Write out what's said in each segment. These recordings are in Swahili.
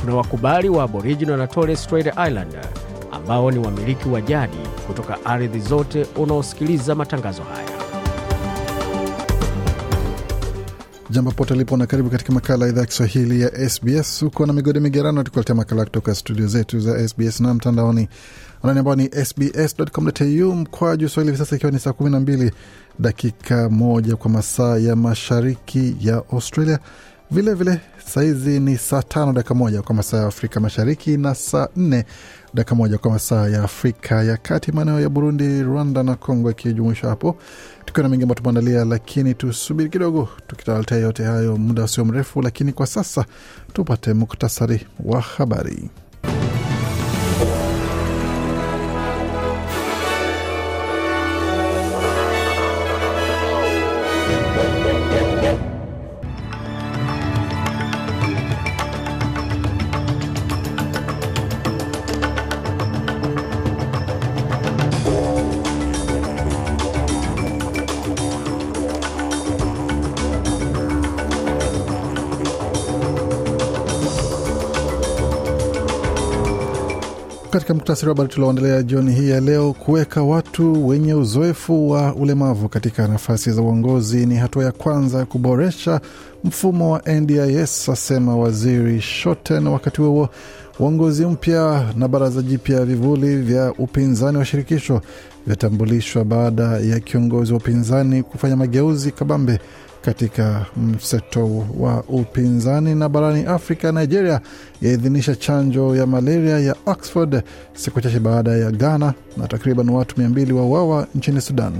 kuna wakubali wa Aboriginal na Torres Strait Islander ambao ni wamiliki wa jadi kutoka ardhi zote unaosikiliza matangazo haya. Jambo pote lipo na karibu katika makala ya idhaa ya Kiswahili ya SBS. Huko na migodi migerano, tukuletea makala kutoka studio zetu za SBS na mtandaoni anani ambao ni sbs.com.au juu swahili. Hivi sasa ikiwa ni saa 12 dakika moja kwa masaa ya mashariki ya Australia Vilevile sahizi ni saa tano dakika moja kwa masaa ya Afrika Mashariki na saa nne dakika moja kwa masaa ya Afrika ya Kati, maeneo ya Burundi, Rwanda na congo yakijumuisha hapo, tukiwa na mengi ambao tumeandalia, lakini tusubiri kidogo, tukitaletea yote hayo muda usio mrefu. Lakini kwa sasa tupate muktasari wa habari. Katika muktasari wa habari tulioendelea jioni hii ya leo, kuweka watu wenye uzoefu wa ulemavu katika nafasi za uongozi ni hatua ya kwanza ya kuboresha mfumo wa NDIS, asema waziri Shoten. Wakati huo uongozi mpya na baraza jipya ya vivuli vya upinzani wa shirikisho vyatambulishwa baada ya kiongozi wa upinzani kufanya mageuzi kabambe katika mseto wa upinzani. Na barani Afrika, Nigeria yaidhinisha chanjo ya malaria ya Oxford siku chache baada ya Ghana, na takriban watu 200 wauawa nchini Sudan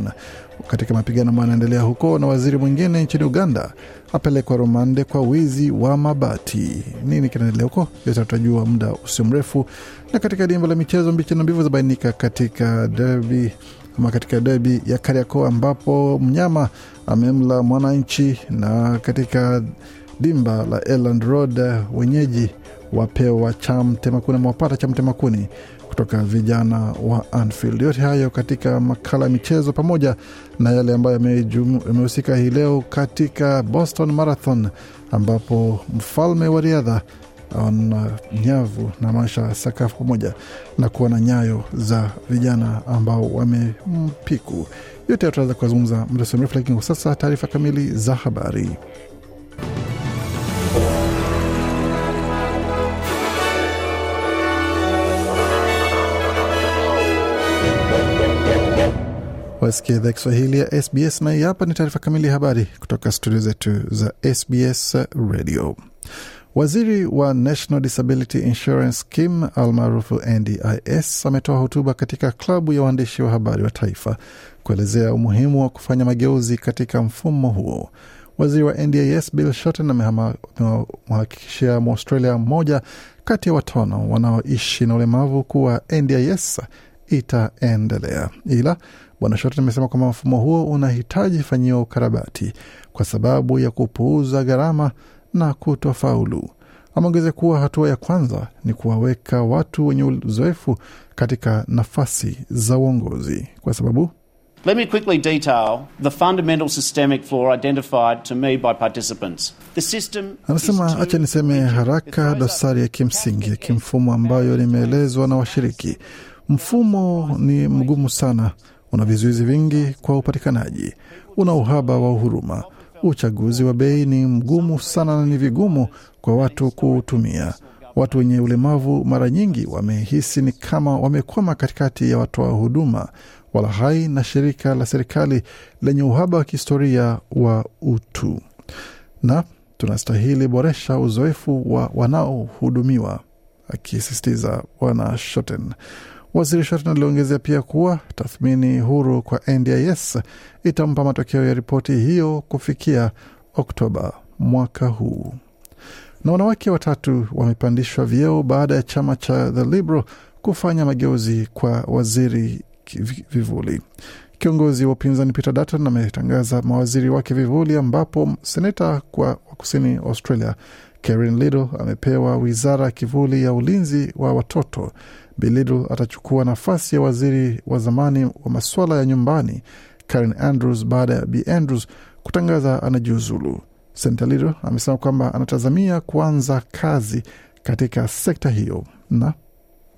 katika mapigano yanaendelea huko, na waziri mwingine nchini Uganda apelekwa rumande kwa wizi wa mabati. Nini kinaendelea huko? Yote tutajua muda usio mrefu. Na katika dimba la michezo, mbichi na mbivu zabainika katika derby ama katika derby ya Kariakoo ambapo mnyama amemla Mwananchi, na katika dimba la Elland Road wenyeji wapewa cham temakuni ama wapata cham temakuni kutoka vijana wa Anfield. Yote hayo katika makala ya michezo pamoja na yale ambayo yamehusika hii leo katika Boston Marathon, ambapo mfalme wa riadha ana nyavu na maisha sakafu pamoja na kuwa na nyayo za vijana ambao wamempiku yote hayo tunaweza kuyazungumza muda mrefu, lakini kwa sasa taarifa kamili za habari. Wasikia idhaa Kiswahili ya SBS na hii hapa ni taarifa kamili ya habari kutoka studio zetu za SBS Radio. Waziri wa National Disability Insurance Scheme almaarufu NDIS ametoa hotuba katika klabu ya waandishi wa habari wa taifa kuelezea umuhimu wa kufanya mageuzi katika mfumo huo. Waziri wa NDIS Bill Shorten amemhakikishia Mwaustralia mmoja kati ya watano wanaoishi na ulemavu kuwa NDIS itaendelea. Ila Bwana Shorten amesema kwamba mfumo huo unahitaji fanyiwa ukarabati kwa sababu ya kupuuza gharama na kutofaulu. Ameongeza kuwa hatua ya kwanza ni kuwaweka watu wenye uzoefu katika nafasi za uongozi kwa sababu Let me quickly detail the fundamental systemic flaw identified to me by participants. The system anasema, acha niseme haraka dosari ya kimsingi ya kimfumo ambayo nimeelezwa na washiriki. Mfumo ni mgumu sana, una vizuizi vingi kwa upatikanaji, una uhaba wa uhuruma Uchaguzi wa bei ni mgumu sana na ni vigumu kwa watu kuutumia. Watu wenye ulemavu mara nyingi wamehisi ni kama wamekwama katikati ya watoa wa huduma wala hai na shirika la serikali lenye uhaba wa kihistoria wa utu, na tunastahili boresha uzoefu wa wanaohudumiwa, akisisitiza Bwana Shoten. Waziri Shorton aliongezea pia kuwa tathmini huru kwa NDIS itampa matokeo ya ripoti hiyo kufikia Oktoba mwaka huu. Na wanawake watatu wamepandishwa vyeo baada ya chama cha The Liberal kufanya mageuzi kwa waziri vivuli. Kiongozi wa upinzani Peter Dutton ametangaza mawaziri wake vivuli, ambapo seneta kwa Kusini Australia Karen Little amepewa wizara ya kivuli ya ulinzi wa watoto. Bi Little atachukua nafasi ya waziri wa zamani wa masuala ya nyumbani Karen Andrews baada ya Bi Andrews kutangaza anajiuzulu. Senta Little amesema kwamba anatazamia kuanza kazi katika sekta hiyo na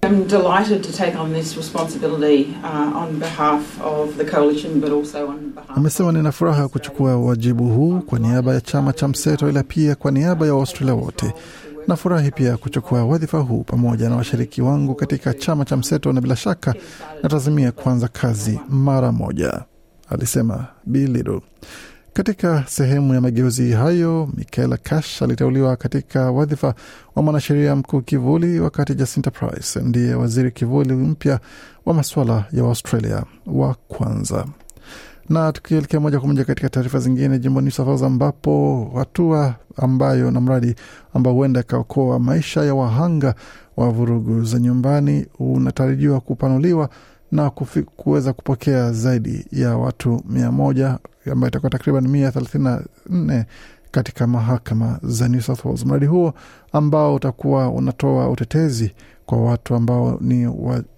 I'm delighted to take on this responsibility uh, on behalf of the coalition but also on behalf Amesema nina furaha kuchukua wajibu huu kwa niaba ya chama cha mseto ila pia kwa niaba ya Australia wote. Nafurahi pia kuchukua wadhifa huu pamoja na washiriki wangu katika chama cha mseto na bila shaka natazimia kuanza kazi mara moja, alisema Bi Liddle. Katika sehemu ya mageuzi hayo, Michaela Cash aliteuliwa katika wadhifa wa mwanasheria mkuu kivuli, wakati Jacinta Price ndiye waziri kivuli mpya wa masuala ya Australia wa kwanza. Na tukielekea moja kwa moja katika taarifa zingine, jimbo New South Wales ambapo hatua ambayo na mradi ambao huenda ikaokoa maisha ya wahanga wa vurugu za nyumbani unatarajiwa kupanuliwa na kuweza kupokea zaidi ya watu mia moja ambayo itakuwa takriban mia thelathini na nne katika mahakama za New South Wales. Mradi huo ambao utakuwa unatoa utetezi kwa watu ambao ni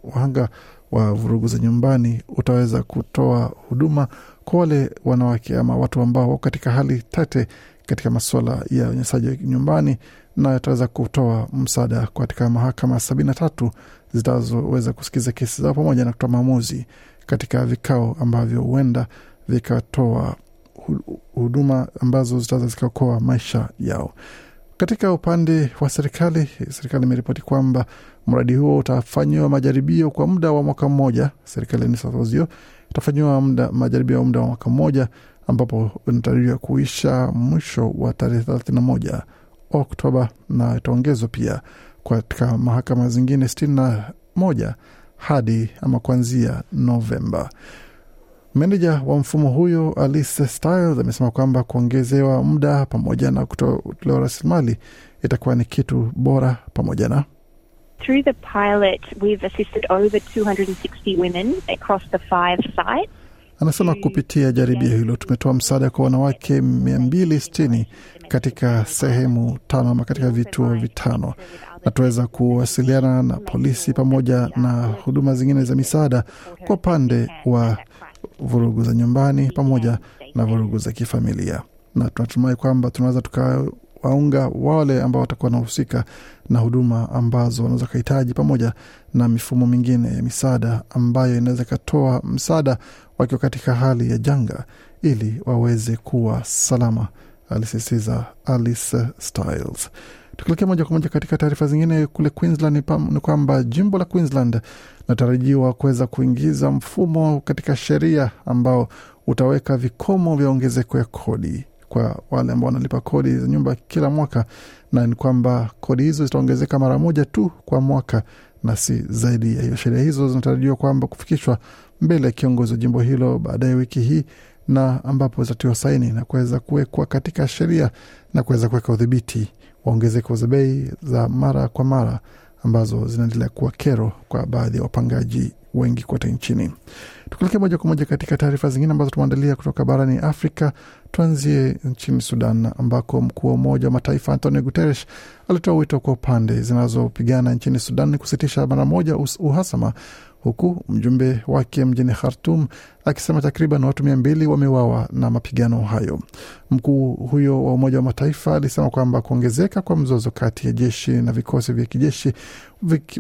wahanga wa vurugu za nyumbani utaweza kutoa huduma kwa wale wanawake ama watu ambao wako katika hali tete katika masuala ya unyanyasaji nyumbani na utaweza kutoa msaada katika mahakama sabini na tatu zitazoweza kusikiza kesi zao pamoja na kutoa maamuzi katika vikao ambavyo huenda vikatoa huduma ambazo zitaweza zikaokoa maisha yao. Katika upande wa serikali, serikali imeripoti kwamba mradi huo utafanyiwa majaribio kwa muda wa mwaka mmoja. Serikali ya New South Wales hiyo itafanyiwa majaribio ya muda wa mwaka mmoja, ambapo inatarajiwa kuisha mwisho wa tarehe moja Oktoba na itaongezwa pia katika mahakama zingine sitini na moja hadi ama kuanzia Novemba. Meneja wa mfumo huyo Alice Stiles amesema kwamba kuongezewa muda pamoja na kutolewa rasilimali itakuwa ni kitu bora pamoja na Anasema kupitia jaribio hilo tumetoa msaada kwa wanawake 260 katika sehemu tano ama katika vituo vitano na kuwasiliana na polisi pamoja na huduma zingine za misaada kwa upande wa vurugu za nyumbani pamoja na vurugu za kifamilia, na tunatumai kwamba tunaweza tukawaunga wale ambao watakuwa wanahusika na huduma ambazo wanaweza kahitaji pamoja na mifumo mingine ya misaada ambayo inaweza ikatoa msaada wakiwa katika hali ya janga ili waweze kuwa salama alisisitiza Alice Styles. Tukielekea moja kwa moja katika taarifa zingine, kule Queensland ni kwamba jimbo la Queensland natarajiwa kuweza kuingiza mfumo katika sheria ambao utaweka vikomo vya ongezeko ya kodi kwa wale ambao wanalipa kodi za nyumba kila mwaka, na ni kwamba kodi hizo zitaongezeka mara moja tu kwa mwaka na si zaidi ya hiyo. Sheria hizo zinatarajiwa kwamba kufikishwa mbele ya kiongozi wa jimbo hilo baadaye wiki hii na ambapo zitatiwa saini na kuweza kuwekwa katika sheria na kuweza kuweka udhibiti wa ongezeko za bei za mara kwa mara ambazo zinaendelea kuwa kero kwa baadhi ya wapangaji wengi kote nchini. Tukilekea moja kwa moja katika taarifa zingine ambazo tumeandalia kutoka barani Afrika, tuanzie nchini Sudan ambako mkuu wa Umoja wa Mataifa Antonio Guterres alitoa wito kwa pande zinazopigana nchini Sudan kusitisha mara moja uhasama huku mjumbe wake mjini Khartum akisema takriban watu mia mbili wamewawa na mapigano hayo. Mkuu huyo wa Umoja wa Mataifa alisema kwamba kuongezeka kwa mzozo kati ya jeshi na vikosi vya kijeshi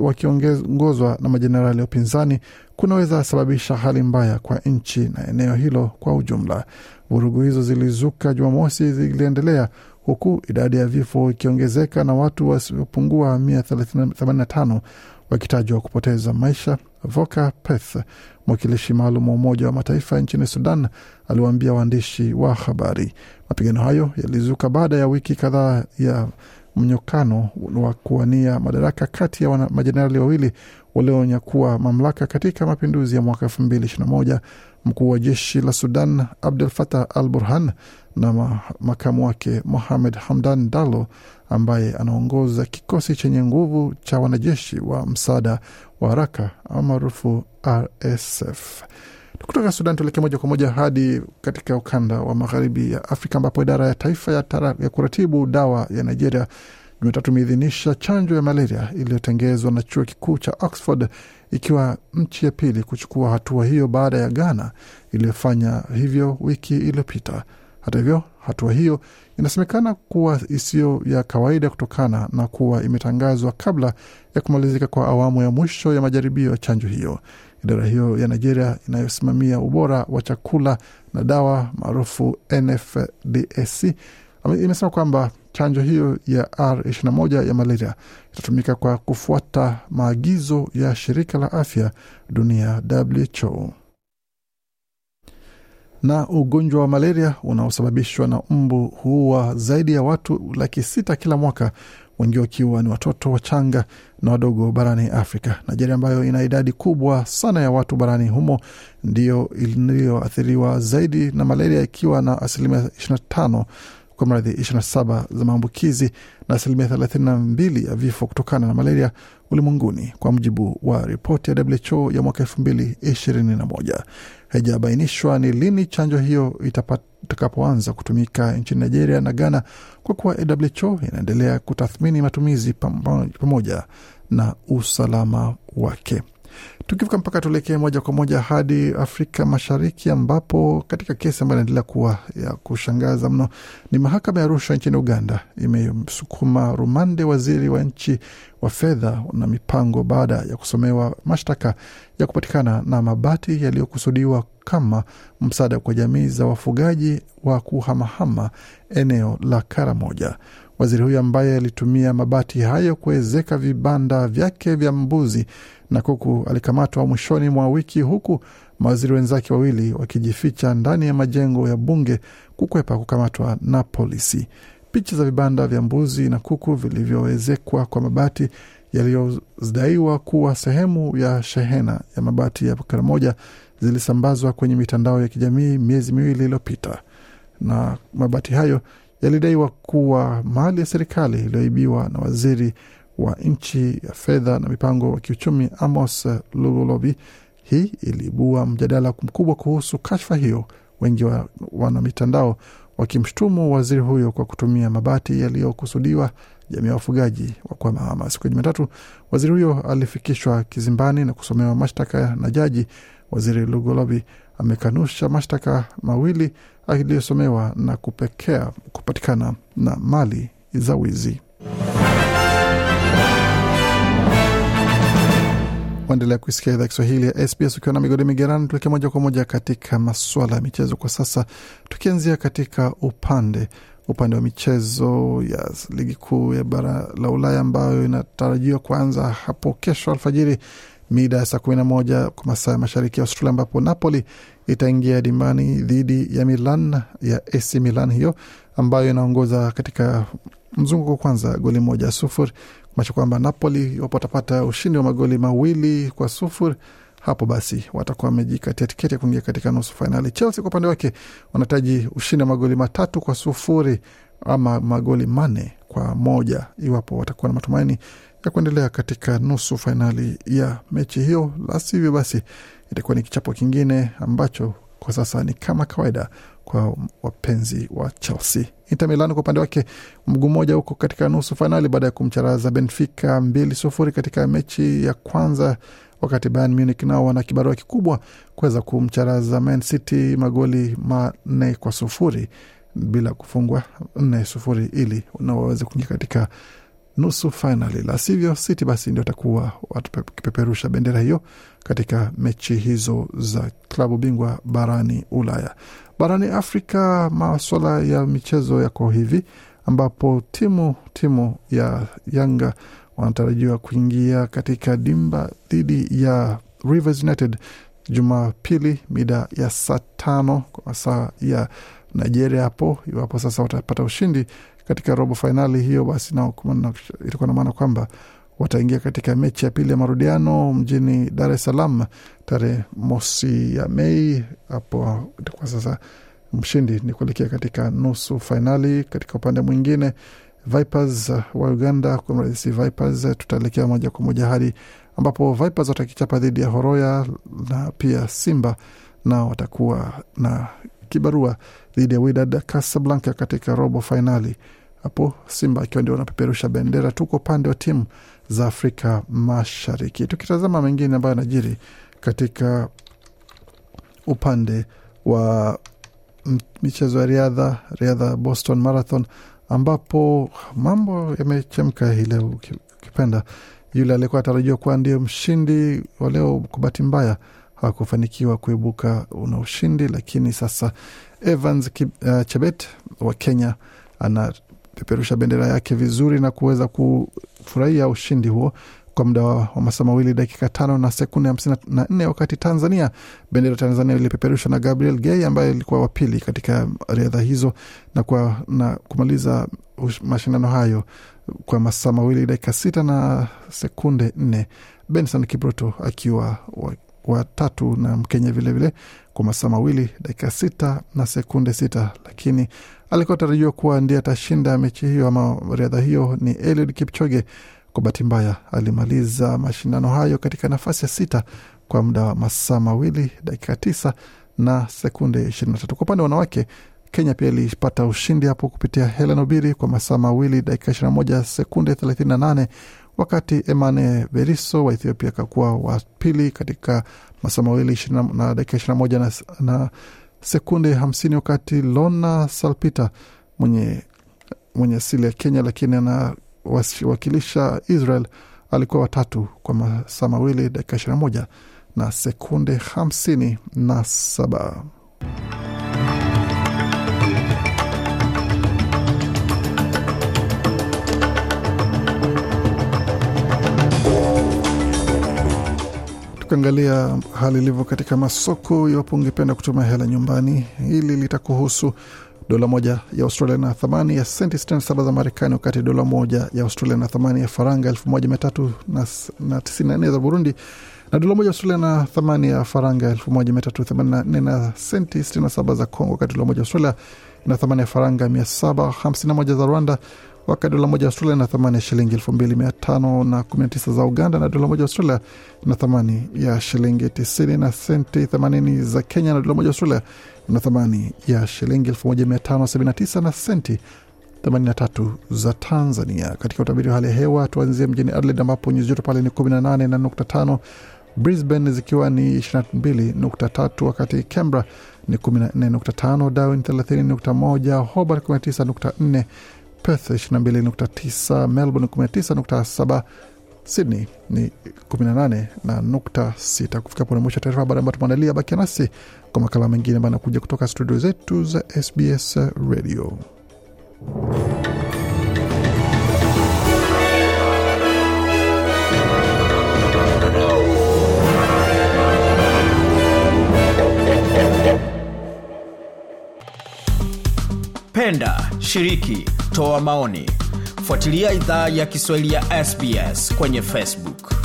wakiongozwa na majenerali ya upinzani kunaweza sababisha hali mbaya kwa nchi na eneo hilo kwa ujumla. Vurugu hizo zilizuka Jumamosi, ziliendelea huku idadi ya vifo ikiongezeka na watu wasiopungua 185 wakitajwa kupoteza maisha Voka peth mwakilishi maalum wa Umoja wa Mataifa nchini Sudan, aliwaambia waandishi wa habari. Mapigano hayo yalizuka baada ya wiki kadhaa ya mnyokano wa kuwania madaraka kati ya majenerali wawili walionya kuwa mamlaka katika mapinduzi ya mwaka 2021 mkuu wa jeshi la Sudan abdul fatah al Burhan na makamu wake Mohamed Hamdan Dalo ambaye anaongoza kikosi chenye nguvu cha wanajeshi wa msaada wa haraka maarufu RSF. Kutoka Sudan tuelekee moja kwa moja hadi katika ukanda wa magharibi ya Afrika ambapo idara ya taifa ya, tara, ya kuratibu dawa ya Nigeria Jumatatu imeidhinisha chanjo ya malaria iliyotengezwa na chuo kikuu cha Oxford, ikiwa nchi ya pili kuchukua hatua hiyo baada ya Ghana iliyofanya hivyo wiki iliyopita. Hata hivyo, hatua hiyo inasemekana kuwa isiyo ya kawaida kutokana na kuwa imetangazwa kabla ya kumalizika kwa awamu ya mwisho ya majaribio ya chanjo hiyo. Idara hiyo ya Nigeria inayosimamia ubora wa chakula na dawa maarufu NFDAC imesema kwamba Chanjo hiyo ya R21 ya malaria itatumika kwa kufuata maagizo ya shirika la afya dunia WHO. Na ugonjwa wa malaria unaosababishwa na mbu huua zaidi ya watu laki sita kila mwaka, wengi wakiwa ni watoto wachanga na wadogo barani Afrika. Nigeria ambayo ina idadi kubwa sana ya watu barani humo ndiyo iliyoathiriwa zaidi na malaria ikiwa na asilimia 25 kwa mradhi 27 za maambukizi na asilimia 32 ya vifo kutokana na malaria ulimwenguni kwa mujibu wa ripoti ya WHO ya mwaka 2021. Haijabainishwa ni lini chanjo hiyo itakapoanza kutumika nchini Nigeria na Ghana, kwa kuwa WHO inaendelea kutathmini matumizi pamoja na usalama wake. Tukivuka mpaka tuelekee moja kwa moja hadi Afrika Mashariki, ambapo katika kesi ambayo inaendelea kuwa ya kushangaza mno ni mahakama ya rushwa nchini Uganda imemsukuma rumande waziri wa nchi wa fedha na mipango baada ya kusomewa mashtaka ya kupatikana na mabati yaliyokusudiwa kama msaada kwa jamii za wafugaji wa kuhamahama eneo la Karamoja. Waziri huyo ambaye alitumia mabati hayo kuwezeka vibanda vyake vya mbuzi na kuku alikamatwa mwishoni mwa wiki huku mawaziri wenzake wawili wakijificha ndani ya majengo ya bunge kukwepa kukamatwa na polisi. Picha za vibanda vya mbuzi na kuku vilivyoezekwa kwa mabati yaliyodaiwa kuwa sehemu ya shehena ya mabati ya Karamoja zilisambazwa kwenye mitandao ya kijamii miezi miwili iliyopita, na mabati hayo yalidaiwa kuwa mali ya serikali iliyoibiwa na waziri wa nchi ya fedha na mipango wa kiuchumi Amos Lugolobi. Hii iliibua mjadala mkubwa kuhusu kashfa hiyo, wengi wa, wana mitandao wakimshutumu waziri huyo kwa kutumia mabati yaliyokusudiwa jamii ya wafugaji wa kwa Mahama. Siku ya Jumatatu, waziri huyo alifikishwa kizimbani na kusomewa mashtaka na jaji. Waziri Lugolobi amekanusha mashtaka mawili aliyosomewa na kupekea kupatikana na mali za wizi. Waendelea kuisikia idhaa Kiswahili ya SBS ukiwa na migodi migerani, tuelekea moja kwa moja katika masuala ya michezo kwa sasa, tukianzia katika upande upande wa michezo ya ligi kuu ya bara la Ulaya ambayo inatarajiwa kuanza hapo kesho alfajiri mida ya saa kumi na moja kwa masaa ya mashariki ya Australia, ambapo Napoli itaingia dimani dhidi ya Milan ya AC Milan hiyo ambayo inaongoza katika mzunguko kwanza goli moja sufuri kumaanisha kwamba Napoli iwapo watapata ushindi wa magoli mawili kwa sufuri hapo basi watakuwa wamejikatia tiketi ya kuingia katika nusu fainali. Chelsea kwa upande wake wanahitaji ushindi wa magoli matatu kwa sufuri ama magoli manne kwa moja iwapo watakuwa na matumaini ya kuendelea katika nusu fainali ya mechi hiyo. La sivyo, basi itakuwa ni kichapo kingine ambacho kwa sasa ni kama kawaida kwa wapenzi wa Chelsea. Inter Milan kwa upande wake mguu mmoja huko katika nusu fainali baada ya kumcharaza Benfica mbili sufuri katika mechi ya kwanza, wakati Bayern Munich nao wana kibarua kikubwa kuweza kumcharaza Man City magoli manne kwa sufuri bila kufungwa nne sufuri ili nao waweze kuingia katika nusu fainali, la sivyo City basi ndio atakuwa wakipeperusha bendera hiyo katika mechi hizo za klabu bingwa barani Ulaya. Barani Afrika maswala ya michezo yako hivi, ambapo timu timu ya Yanga wanatarajiwa kuingia katika dimba dhidi ya Rivers United Jumapili mida ya saa tano kwa masaa ya Nigeria hapo. Iwapo sasa watapata ushindi katika robo fainali hiyo, basi nao itakuwa na maana kwamba wataingia katika mechi ya pili ya marudiano mjini Dar es Salaam tarehe mosi ya Mei. Hapo kwa sasa mshindi ni kuelekea katika nusu fainali. Katika upande mwingine, Vipers wa Uganda kwa Vipers, tutaelekea moja kwa moja hadi ambapo Vipers watakichapa dhidi ya Horoya na pia Simba nao watakuwa na kibarua dhidi ya Wydad Casablanca katika robo fainali. Hapo Simba akiwa ndio wanapeperusha bendera. Tuko upande wa timu za Afrika Mashariki. Tukitazama mengine ambayo yanajiri katika upande wa michezo ya riadha, riadha Boston Marathon, ambapo mambo yamechemka hii leo. Ukipenda yule aliyekuwa atarajiwa kuwa ndio mshindi wa leo, kwa bahati mbaya hakufanikiwa kuibuka una ushindi, lakini sasa Evans uh, Chebet wa Kenya ana kupeperusha bendera yake vizuri na kuweza kufurahia ushindi huo kwa muda wa masaa mawili dakika tano na sekunde hamsini na nne wakati Tanzania, bendera Tanzania ilipeperushwa na Gabriel Gay ambaye alikuwa wa pili katika riadha hizo na, kwa, na kumaliza mashindano hayo kwa masaa mawili dakika sita na sekunde nne Benson kibruto akiwa wa wa tatu na Mkenya vilevile kwa masaa mawili dakika sita na sekunde sita, lakini alikuwa tarajiwa kuwa ndiye atashinda mechi hiyo ama riadha hiyo ni Eliud Kipchoge. Kwa bahati mbaya alimaliza mashindano hayo katika nafasi ya sita kwa muda wa masaa mawili dakika tisa na sekunde ishirini na tatu. Kwa upande wa wanawake Kenya pia ilipata ushindi hapo kupitia Helen Obiri kwa masaa mawili dakika 21 sekunde nane wakati Emane Beriso wa Ethiopia akakuwa wa pili katika masaa mawili na dakika ishirini na moja na, na sekunde hamsini wakati Lona Salpita mwenye mwenye asili ya Kenya lakini anawakilisha Israel alikuwa watatu kwa masaa mawili dakika ishirini na moja na sekunde hamsini na saba. tukiangalia hali ilivyo katika masoko, iwapo ungependa kutuma hela nyumbani, hili litakuhusu. Dola moja ya Australia na thamani ya senti 67 za Marekani, wakati dola moja ya Australia na thamani ya faranga 1394 za Burundi, na dola moja Australia na thamani ya faranga 1384 na senti 67 za Congo, wakati dola moja Australia na thamani ya faranga 751 za Rwanda wakati dola moja Australia na thamani ya shilingi 2519 za Uganda na dola moja Australia na thamani ya shilingi 90 na senti 80 za Kenya na dola moja Australia na thamani ya shilingi 1579 na senti 83 za Tanzania. Katika utabiri wa hali ya hewa, tuanzie mjini Adelaide ambapo nyuzi joto pale ni 18 na nukta tano Brisbane zikiwa ni 22.3, wakati Canberra ni 14.5, Darwin 30.1, Hobart 19.4 Perth 22.9, Melbourne 19.7, Sydney ni 18 na nukta 6. Kufika pone mwisho taarifa habari ambayo tumeandalia, bakia nasi kwa makala mengine ambayo anakuja kutoka studio zetu za SBS Radio. Penda, shiriki kutoa maoni fuatilia idhaa ya kiswahili ya sbs kwenye facebook